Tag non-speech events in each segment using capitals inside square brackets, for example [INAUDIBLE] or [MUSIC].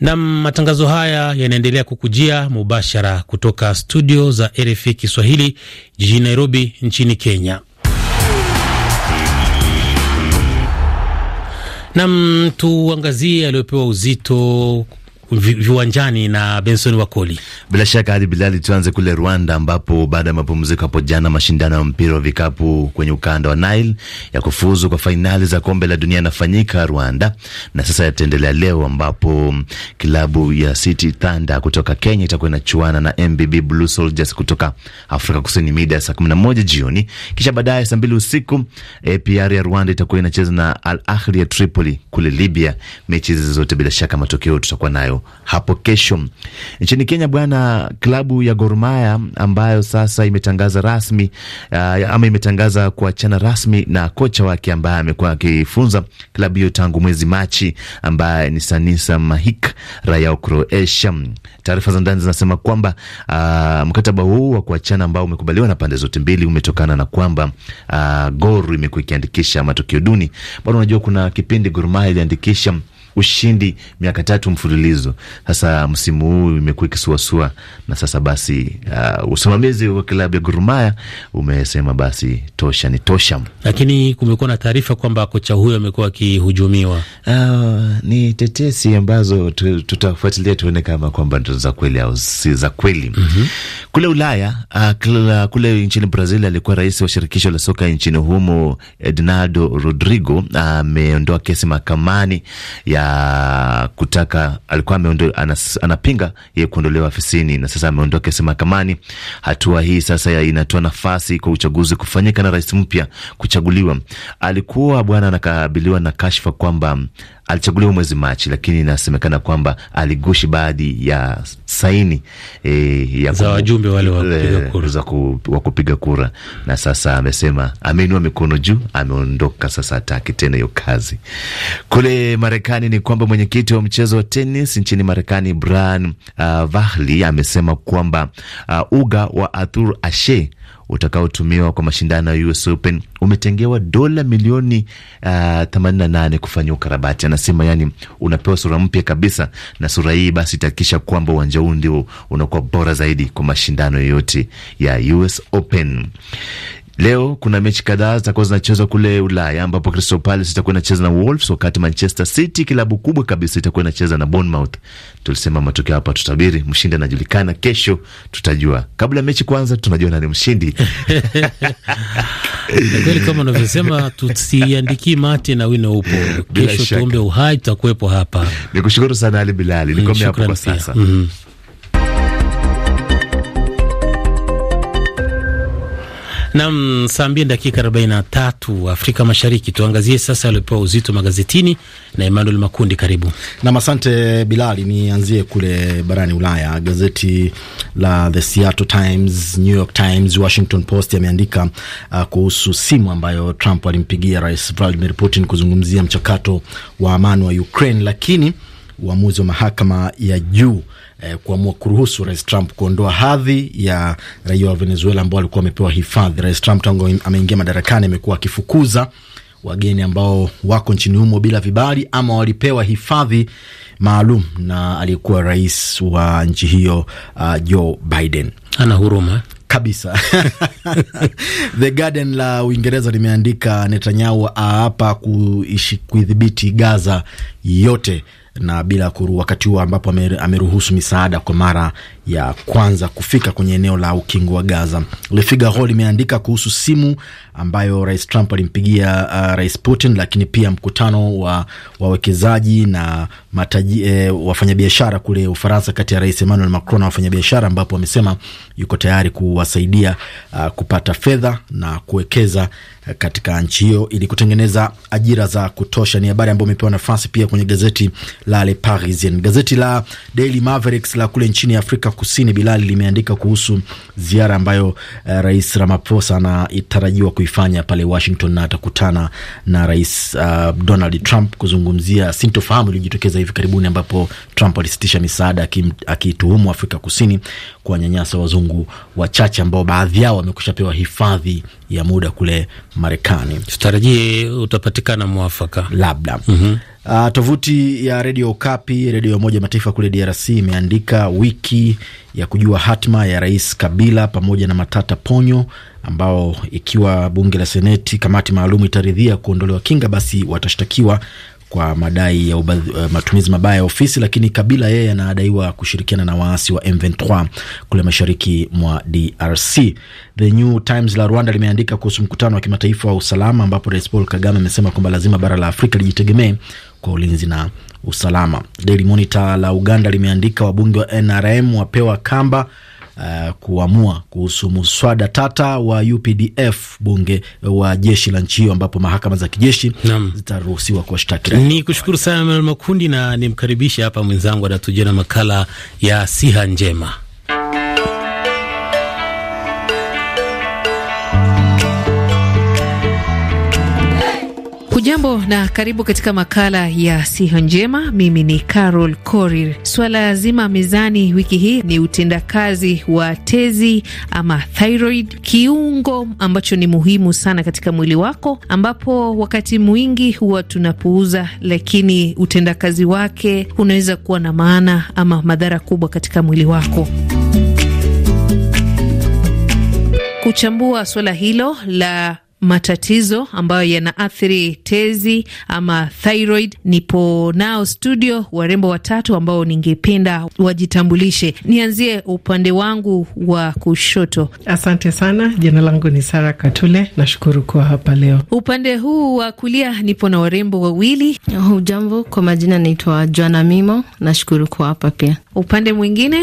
Nam, matangazo haya yanaendelea kukujia mubashara kutoka studio za RFI Kiswahili jijini Nairobi nchini Kenya. Nam, tuangazie aliyopewa uzito viwanjani na Benson Wakoli. Bila shaka hadi Bilali, tuanze kule Rwanda ambapo baada ya mapumziko hapo jana mashindano ya mpira wa vikapu kwenye ukanda wa Nile ya kufuzu kwa fainali za kombe la dunia yanafanyika Rwanda na sasa yataendelea leo, ambapo klabu ya City Thunder kutoka Kenya itakuwa inachuana na MBB Blue Soldiers kutoka Afrika Kusini mida ya saa kumi na moja jioni, kisha baadaye saa mbili usiku APR ya Rwanda itakuwa inacheza na Al Ahli ya Tripoli kule Libya. Mechi hizi zote bila shaka matokeo tutakuwa nayo hapo kesho. Nchini Kenya bwana, klabu ya Gor Mahia ambayo sasa imetangaza rasmi uh, ama imetangaza kuachana rasmi na kocha wake ambaye amekuwa akifunza klabu hiyo tangu mwezi Machi, ambaye ni Sanisa Mahik, raia wa Croatia. Taarifa za ndani zinasema kwamba uh, mkataba huu wa kuachana ambao umekubaliwa na pande zote mbili umetokana na kwamba uh, Gor imekuwa ikiandikisha matokeo duni. Bado unajua kuna kipindi Gor Mahia iliandikisha ushindi miaka tatu mfululizo. Sasa msimu huu imekuwa ikisuasua, na sasa basi uh, usimamizi wa klabu ya Gurumaya umesema basi tosha ni tosha, lakini kumekuwa na taarifa kwamba kocha huyo amekuwa akihujumiwa. Uh, ni tetesi ambazo tutafuatilia tuone kama kwamba ndo za kweli au si za kweli. mm -hmm. Kule Ulaya uh, kula, kule nchini Brazil alikuwa rais wa shirikisho la soka nchini humo Ednardo Rodrigo ameondoa uh, kesi mahakamani ya kutaka alikuwa anas, anapinga yeye kuondolewa afisini na sasa ameondoka sema kamani. Hatua hii sasa inatoa nafasi kwa uchaguzi kufanyika na rais mpya kuchaguliwa. Alikuwa bwana anakabiliwa na kashfa kwamba alichaguliwa mwezi Machi, lakini inasemekana kwamba aligushi baadhi ya saini e, ya za wajumbe wale wa kupiga kura, na sasa amesema ameinua mikono juu, ameondoka. Sasa hataki tena hiyo kazi. Kule Marekani ni kwamba mwenyekiti wa mchezo wa tenis nchini Marekani Brian uh, Vahli amesema kwamba uh, uga wa Arthur Ashe utakaotumiwa kwa mashindano ya US Open umetengewa dola milioni uh, ah, 88 kufanya ukarabati. Anasema yani, unapewa sura mpya kabisa, na sura hii basi itahakikisha kwamba uwanja huu ndio unakuwa bora zaidi kwa mashindano yoyote ya US Open. Leo kuna mechi kadhaa zitakuwa zinachezwa kule Ulaya, ambapo Crystal Palace itakuwa inacheza na Wolves, wakati Manchester City, kilabu kubwa kabisa, itakuwa inacheza na Bournemouth. Tulisema matokeo hapa, tutabiri mshindi anajulikana kesho, tutajua kabla ya mechi kwanza, tunajua nani mshindi. [LAUGHS] Kweli kama unavyosema, tusiandikii mate na wino upo. Kesho tuombe uhai, tutakuwepo hapa. Nikushukuru sana Ali Bilali, nikomea mm, hapo kwa sasa. mm -hmm. Nam saa mbili dakika 43 Afrika Mashariki. Tuangazie sasa aliopewa uzito magazetini na Emmanuel Makundi. Karibu nam. Asante Bilali, nianzie kule barani Ulaya. Gazeti la The Seattle Times, New York Times, Washington Post yameandika uh, kuhusu simu ambayo Trump alimpigia Rais Vladimir Putin kuzungumzia mchakato wa amani wa Ukraine, lakini uamuzi wa mahakama ya juu eh, kuamua kuruhusu Rais Trump kuondoa hadhi ya raia wa Venezuela ambao walikuwa wamepewa hifadhi. Rais Trump tangu ameingia madarakani amekuwa akifukuza wageni ambao wako nchini humo bila vibali ama walipewa hifadhi maalum na aliyekuwa rais wa nchi hiyo uh, Joe Biden. Ana huruma kabisa. [LAUGHS] The Guardian la Uingereza limeandika Netanyahu aapa kuidhibiti Gaza yote na bila kuru, wakati huo ambapo ameruhusu misaada kwa mara ya kwanza kufika kwenye eneo la ukingo wa Gaza. Le Figaro limeandika kuhusu simu ambayo Rais Trump alimpigia uh, Rais Putin, lakini pia mkutano wa wawekezaji na mataji, eh, wafanyabiashara kule Ufaransa kati ya Rais Emmanuel Macron na wafanyabiashara, ambapo wamesema yuko tayari kuwasaidia uh, kupata fedha na kuwekeza uh, katika nchi hiyo ili kutengeneza ajira za kutosha. Ni habari ambayo imepewa nafasi pia kwenye gazeti la Le Parisien. Gazeti la Daily Mavericks la kule nchini Afrika Kusini, Bilali, limeandika kuhusu ziara ambayo uh, Rais Ramaphosa anatarajiwa kuifanya pale Washington na atakutana na Rais uh, Donald Trump kuzungumzia sintofahamu iliyojitokeza hivi karibuni ambapo Trump alisitisha misaada akiituhumu Afrika Kusini kwa nyanyasa wazungu wachache ambao baadhi yao wamekusha pewa hifadhi ya muda kule Marekani. Tutarajie utapatikana mwafaka labda. mm -hmm. Uh, tovuti ya redio Okapi, redio ya Umoja Mataifa kule DRC imeandika wiki ya kujua hatima ya Rais Kabila pamoja na Matata Ponyo ambao ikiwa bunge la Seneti kamati maalum itaridhia kuondolewa kinga, basi watashtakiwa kwa madai ya ubadhi, eh, matumizi mabaya ya ofisi, lakini Kabila yeye anadaiwa kushirikiana na waasi wa M23 kule mashariki mwa DRC. The New Times la Rwanda limeandika kuhusu mkutano wa kimataifa wa usalama ambapo Rais Paul Kagame amesema kwamba lazima bara la Afrika lijitegemee kwa ulinzi na usalama. Daily Monitor la Uganda limeandika wabunge wa NRM wapewa kamba uh, kuamua kuhusu muswada tata wa UPDF, bunge wa jeshi la nchi hiyo, ambapo mahakama za kijeshi zitaruhusiwa kuwashtaki. Ni kushukuru sana Manuel Makundi na nimkaribishe hapa mwenzangu anatujia na makala ya siha njema. Hujambo na karibu katika makala ya siha njema. Mimi ni Carol Korir. Swala zima mezani wiki hii ni utendakazi wa tezi ama thyroid, kiungo ambacho ni muhimu sana katika mwili wako, ambapo wakati mwingi huwa tunapuuza, lakini utendakazi wake unaweza kuwa na maana ama madhara kubwa katika mwili wako. Kuchambua swala hilo la matatizo ambayo yanaathiri tezi ama thyroid. Nipo nao studio warembo watatu ambao ningependa wajitambulishe. Nianzie upande wangu wa kushoto. Asante sana, jina langu ni Sara Katule, nashukuru kuwa hapa leo. Upande huu wa kulia nipo na warembo wawili. Hujambo, kwa majina naitwa Joana Mimo, nashukuru kuwa hapa pia. Upande mwingine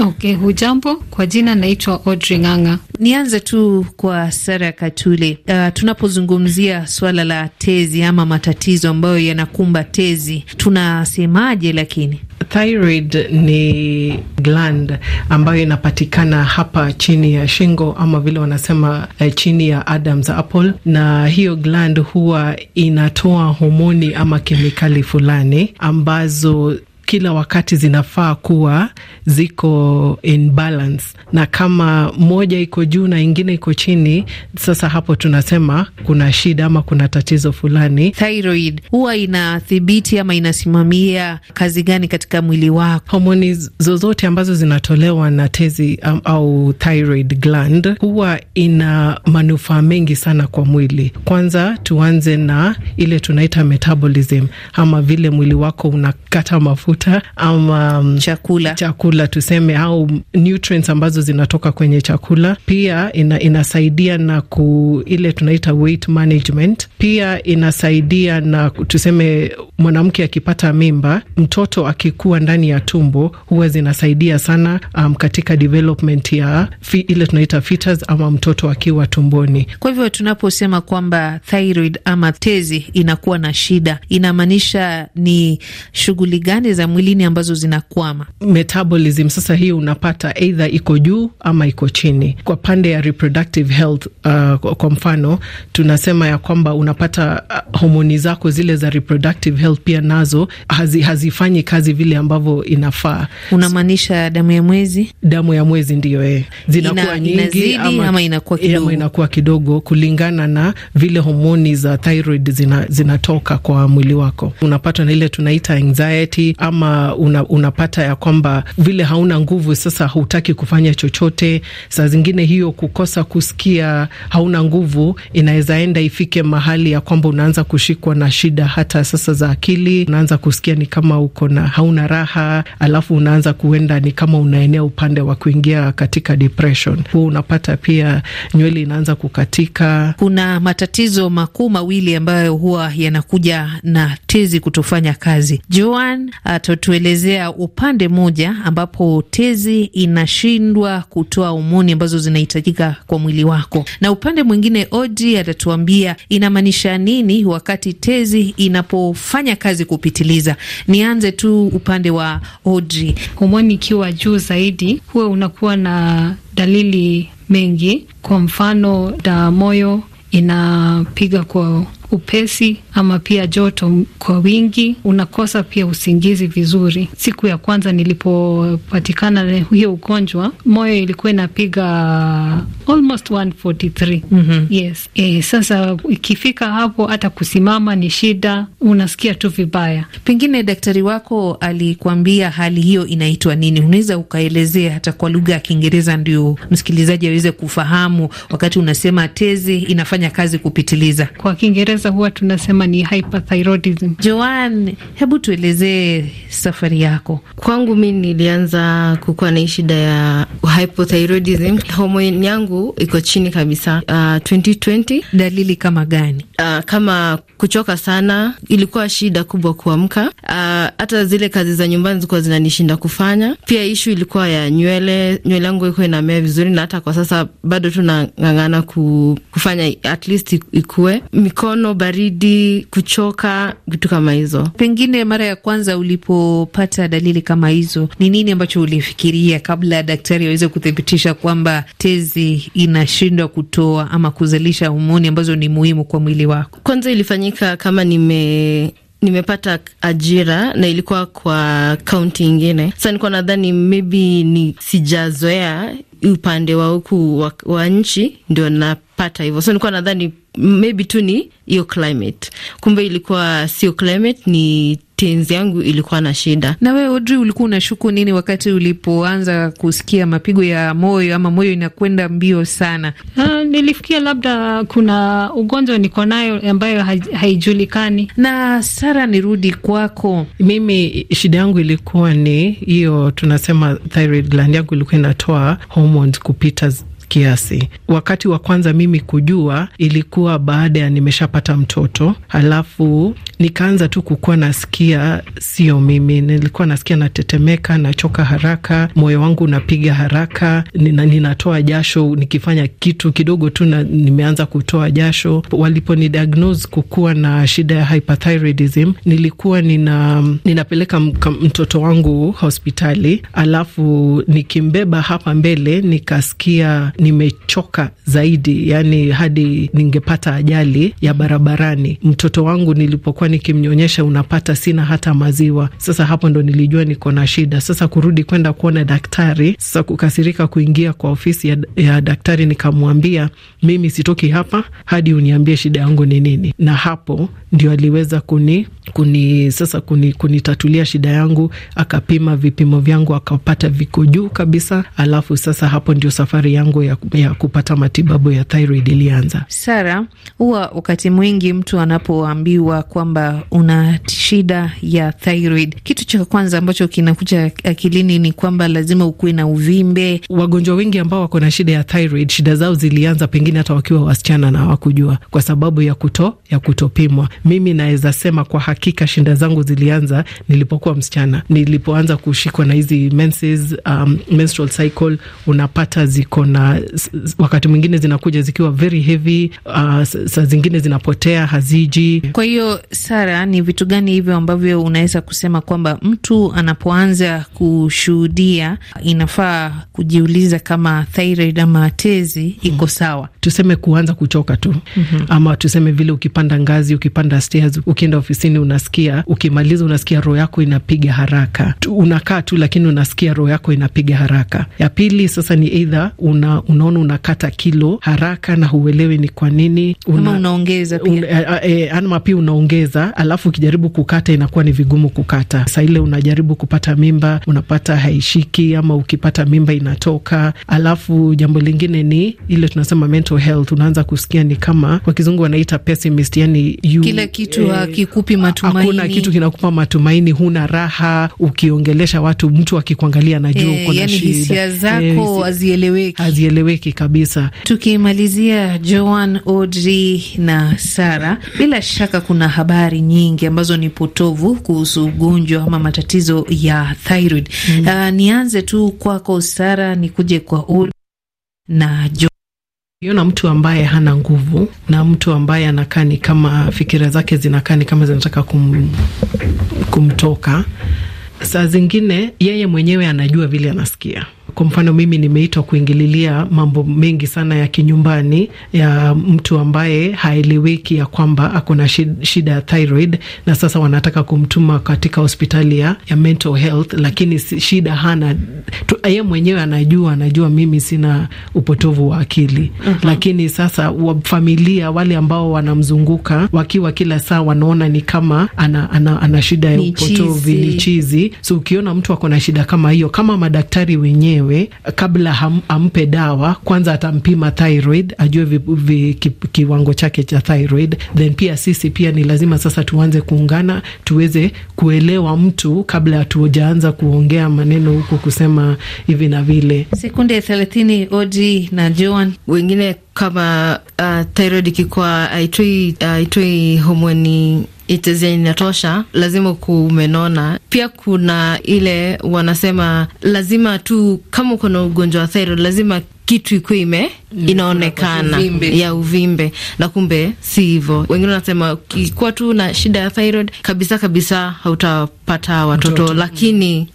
okay, hujambo, kwa jina naitwa Audrey Ng'ang'a. Nianze tu kwa Sara Katule uh, tunapozungumzia swala la tezi ama matatizo ambayo yanakumba tezi tunasemaje? Lakini thyroid ni gland ambayo inapatikana hapa chini ya shingo ama vile wanasema eh, chini ya Adam's apple, na hiyo gland huwa inatoa homoni ama kemikali fulani ambazo kila wakati zinafaa kuwa ziko in balance, na kama moja iko juu na ingine iko chini, sasa hapo tunasema kuna shida ama kuna tatizo fulani. Thyroid huwa inathibiti ama inasimamia kazi gani katika mwili wako? Homoni zozote ambazo zinatolewa na tezi um, au thyroid gland huwa ina manufaa mengi sana kwa mwili. Kwanza tuanze na ile tunaita metabolism, ama vile mwili wako unakata mafuta mafuta ama um, chakula, chakula tuseme, au nutrients ambazo zinatoka kwenye chakula. Pia ina, inasaidia na ku ile tunaita weight management. Pia inasaidia na tuseme, mwanamke akipata mimba, mtoto akikuwa ndani ya tumbo, huwa zinasaidia sana um, katika development ya fi, ile tunaita fetus ama mtoto akiwa tumboni. Kwa hivyo tunaposema kwamba thyroid ama tezi inakuwa na shida, inamaanisha ni shughuli gani za za mwilini ambazo zinakwama metabolism. Sasa hii unapata eidha iko juu ama iko chini. Kwa pande ya reproductive health, uh, kwa mfano tunasema ya kwamba unapata uh, homoni zako zile za reproductive health pia nazo hazi, hazifanyi kazi vile ambavyo inafaa. Unamaanisha damu ya mwezi? Damu ya mwezi ndiyo, eh, zinakuwa nyingi ama, ama inakuwa kidogo, inakuwa kidogo kulingana na vile homoni za thyroid zinatoka zina, kwa mwili wako unapata na ile tunaita anxiety kama una, unapata ya kwamba vile hauna nguvu sasa, hutaki kufanya chochote. Saa zingine hiyo kukosa kusikia, hauna nguvu, inaweza enda ifike mahali ya kwamba unaanza kushikwa na shida hata sasa za akili, unaanza kusikia ni kama uko na hauna raha, alafu unaanza kuenda ni kama unaenea upande wa kuingia katika depression. Huo unapata pia nywele inaanza kukatika. Kuna matatizo makuu mawili ambayo huwa yanakuja na tezi kutofanya kazi. Joan uh, atatuelezea upande moja ambapo tezi inashindwa kutoa homoni ambazo zinahitajika kwa mwili wako, na upande mwingine Odi atatuambia inamaanisha nini wakati tezi inapofanya kazi kupitiliza. Nianze tu upande wa Odi. Homoni ikiwa juu zaidi, huwa unakuwa na dalili mengi, kwa mfano da moyo inapiga kwa upesi ama pia joto kwa wingi, unakosa pia usingizi vizuri. Siku ya kwanza nilipopatikana na hiyo ugonjwa, moyo ilikuwa inapiga almost 143. mm -hmm. Yes. E, sasa ikifika hapo hata kusimama ni shida, unasikia tu vibaya. Pengine daktari wako alikuambia hali hiyo inaitwa nini? Unaweza ukaelezea hata kwa lugha ya Kiingereza ndio msikilizaji aweze kufahamu, wakati unasema tezi inafanya kazi kupitiliza kwa Kiingereza Kiingereza huwa tunasema ni hyperthyroidism. Joan, hebu tuelezee safari yako. Kwangu mi nilianza kukuwa na shida ya hypothyroidism, homoni yangu iko chini kabisa. Uh, ah, 2020 dalili kama gani? Uh, kama kuchoka sana, ilikuwa shida kubwa kuamka. Ah, hata uh, zile kazi za nyumbani zilikuwa zinanishinda kufanya. Pia ishu ilikuwa ya nywele, nywele yangu iko inamea vizuri, na hata kwa sasa bado tunang'ang'ana ku, kufanya at least ikue. Mikono mkono, baridi, kuchoka, vitu kama hizo. Pengine mara ya kwanza ulipopata dalili kama hizo, ni nini ambacho ulifikiria kabla daktari aweze kuthibitisha kwamba tezi inashindwa kutoa ama kuzalisha homoni ambazo ni muhimu kwa mwili wako? Kwanza ilifanyika kama nime nimepata ajira na ilikuwa kwa kaunti ingine. Sasa nilikuwa nadhani maybe ni sijazoea upande wa huku wa, wa nchi ndio napata hivyo, so nilikuwa nadhani maybe tu ni hiyo climate, kumbe ilikuwa sio climate, ni tenzi yangu ilikuwa na shida. Na wewe Audrey, ulikuwa unashuku nini wakati ulipoanza kusikia mapigo ya moyo ama moyo inakwenda mbio sana? Ha, ah, nilifikia labda kuna ugonjwa niko nayo ambayo haijulikani. Na Sara, nirudi kwako. Mimi shida yangu ilikuwa ni hiyo, tunasema thyroid gland yangu ilikuwa inatoa hormones kupita kiasi. Wakati wa kwanza mimi kujua ilikuwa baada ya nimeshapata mtoto, halafu nikaanza tu kukuwa nasikia, sio mimi, nilikuwa nasikia natetemeka, nachoka haraka, moyo wangu unapiga haraka, nina, ninatoa jasho nikifanya kitu kidogo tu na nimeanza kutoa jasho. Waliponidiagnose kukuwa na shida ya hyperthyroidism, nilikuwa nina, ninapeleka mtoto wangu hospitali, alafu nikimbeba hapa mbele nikasikia nimechoka zaidi, yani hadi ningepata ajali ya barabarani. Mtoto wangu nilipokuwa nikimnyonyesha, unapata sina hata maziwa. Sasa hapo ndo nilijua niko na shida. Sasa kurudi kwenda kuona daktari, sasa kukasirika kuingia kwa ofisi ya, ya daktari, nikamwambia mimi sitoki hapa hadi uniambie shida yangu ni nini, na hapo ndio aliweza kuni, kuni sasa kuni, kunitatulia shida yangu, akapima vipimo vyangu akapata viko juu kabisa, alafu sasa hapo ndio safari yangu ya, ya kupata matibabu ya thyroid ilianza? Sara, huwa wakati mwingi mtu anapoambiwa kwamba una shida ya thyroid, kitu cha kwanza ambacho kinakuja akilini ni kwamba lazima ukuwe na uvimbe. Wagonjwa wengi ambao wako na shida ya thyroid, shida zao zilianza pengine hata wakiwa wasichana na hawakujua kwa sababu ya kuto ya kutopimwa. Mimi naweza sema kwa hakika shida zangu zilianza nilipokuwa msichana, nilipoanza kushikwa na hizi menses, um, menstrual cycle unapata ziko na wakati mwingine zinakuja zikiwa very heavy, uh, saa zingine zinapotea haziji. Kwa hiyo Sara, ni vitu gani hivyo ambavyo unaweza kusema kwamba mtu anapoanza kushuhudia inafaa kujiuliza kama thyroid ama tezi iko sawa? Tuseme kuanza kuchoka tu mm -hmm. ama tuseme vile ukipanda ngazi, ukipanda stairs, ukienda ofisini unasikia, ukimaliza unasikia roho yako inapiga haraka tu, unakaa tu lakini unasikia roho yako inapiga haraka. Ya pili sasa ni either una unaona unakata kilo haraka na huelewi ni kwa nini una, unaongeza pia un, eh, eh, eh, pia unaongeza, alafu ukijaribu kukata inakuwa ni vigumu kukata. Saa ile unajaribu kupata mimba unapata haishiki, ama ukipata mimba inatoka. Alafu jambo lingine ni ile tunasema mental health, unaanza kusikia ni kama kwa kizungu wanaita pessimist, yani you, kila kitu hakikupi matumaini. Hakuna kitu kinakupa matumaini, huna raha, ukiongelesha watu mtu akikuangalia anajua e, uko na yani shida, hisia zako hazieleweki haieleweki kabisa. Tukimalizia Joan, Audrey na Sara, bila shaka kuna habari nyingi ambazo ni potovu kuhusu ugonjwa ama matatizo ya thyroid. Mm. Uh, nianze tu kwako Sara, nikuje kwa Audrey na Joan. iona mtu ambaye hana nguvu na mtu ambaye anakaa ni kama fikira zake zinakaa ni kama zinataka kum, kumtoka, saa zingine yeye mwenyewe anajua vile anasikia kwa mfano mimi nimeitwa kuingililia mambo mengi sana ya kinyumbani ya mtu ambaye haeleweki ya kwamba ako na shida ya thyroid, na sasa wanataka kumtuma katika hospitali ya mental health, lakini shida hana yeye mwenyewe anajua, anajua mimi sina upotovu wa akili uh -huh. Lakini sasa familia wale ambao wanamzunguka wakiwa kila saa wanaona ni kama ana, ana, ana shida ya upotovu, ni chizi. So ukiona mtu ako na shida kama hiyo, kama madaktari wenyewe mwenyewe kabla ham, ampe dawa, kwanza atampima thyroid, ajue vi, vi, ki, kiwango chake cha thyroid. Then pia sisi pia ni lazima sasa tuanze kuungana, tuweze kuelewa mtu kabla hatujaanza kuongea maneno huko kusema hivi na vile. Sekunde thelathini Odi na Joan wengine kama uh, thyroid ikikuwa haitoi homoni itazia inatosha, lazima kumenona. Pia kuna ile wanasema lazima tu kama uko na ugonjwa wa thyroid lazima kitu ikuwe ime mm. inaonekana ya uvimbe na kumbe si hivyo. Wengine wanasema ukikuwa tu na shida ya thyroid kabisa kabisa hautapata watoto, mtoto. Lakini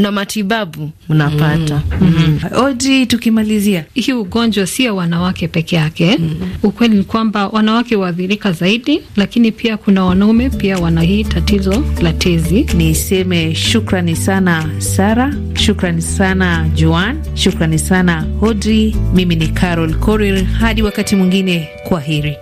na matibabu unapata mm -hmm. mm -hmm. Odi, tukimalizia hii ugonjwa si ya wanawake peke yake mm -hmm. Ukweli ni kwamba wanawake huathirika zaidi, lakini pia kuna wanaume pia wana hii tatizo la tezi. Niseme shukrani sana Sara, shukrani sana Joan, shukrani sana Hodri. Mimi ni Carol Korir, hadi wakati mwingine, kwa heri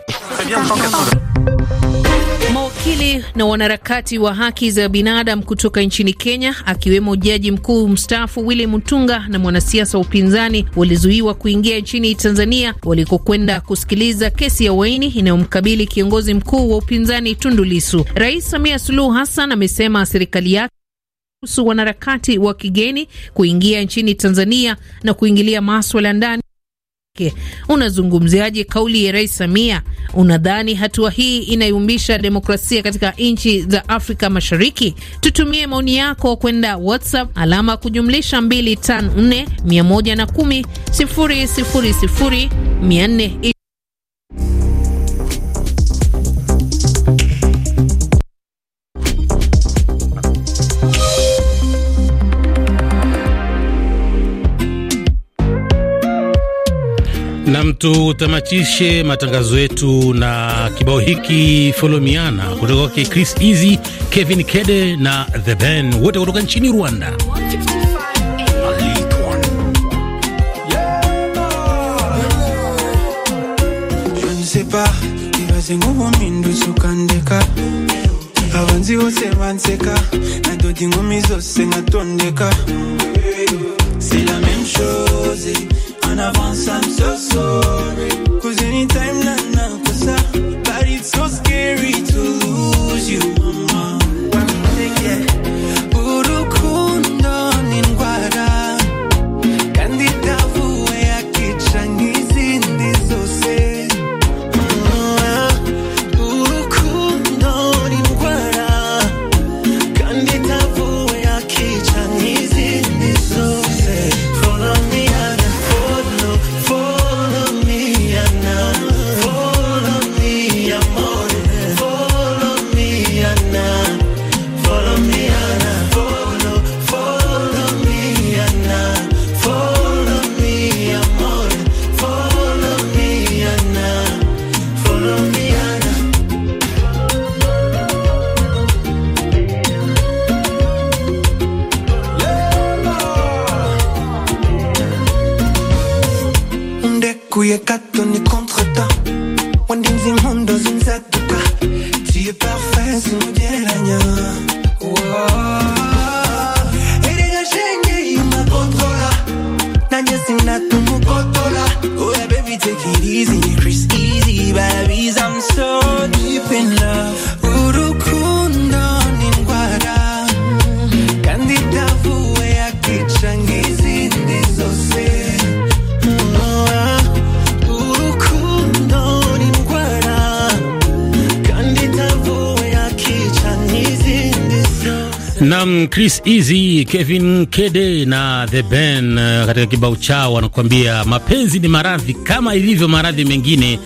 wawili na wanaharakati wa haki za binadamu kutoka nchini Kenya, akiwemo jaji mkuu mstaafu William Mutunga na mwanasiasa wa upinzani walizuiwa kuingia nchini Tanzania walikokwenda kusikiliza kesi ya uhaini inayomkabili kiongozi mkuu wa upinzani Tundu Lissu. Rais Samia Suluhu Hassan amesema serikali yake kuhusu wanaharakati wa kigeni kuingia nchini Tanzania na kuingilia maswala ndani yake. Unazungumziaje kauli ya Rais Samia? Unadhani hatua hii inayumbisha demokrasia katika nchi za Afrika Mashariki? Tutumie maoni yako kwenda WhatsApp alama kujumlisha 254 110 000 420. tutamatishe matangazo yetu na kibao hiki Folomiana kutoka kwake Chris Easy, Kevin Kede na The Ben, wote kutoka nchini Rwanda. abanzi bose banseka inkumi zose c'est la même chose en avance, I'm so sorry. Chris Easy, Kevin Kede na The Ben uh, katika kibao chao wanakuambia mapenzi ni maradhi, kama ilivyo maradhi mengine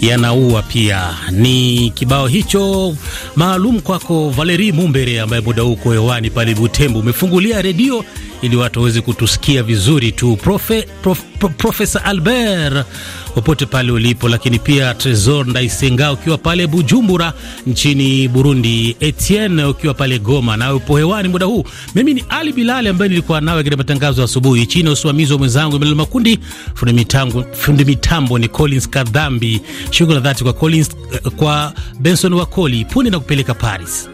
yanaua pia. Ni kibao hicho maalum kwako Valerie Mumbere, ambaye muda huko hewani pale Butembo umefungulia redio ili watu waweze kutusikia vizuri tu. Profe, prof, prof, Profesa Albert popote pale ulipo, lakini pia Tresor Ndaisenga ukiwa pale Bujumbura nchini Burundi, Etienne ukiwa pale Goma, nawe upo hewani muda huu. Mimi ni Ali Bilali ambaye nilikuwa nawe katika matangazo ya asubuhi chini ya usimamizi wa mwenzangu Emmanuel Makundi. Fundi mitambo, fundi mitambo ni Collins Kadhambi. Shukrani dhati kwa Collins, eh, kwa Benson Wakoli. puni na kupeleka Paris.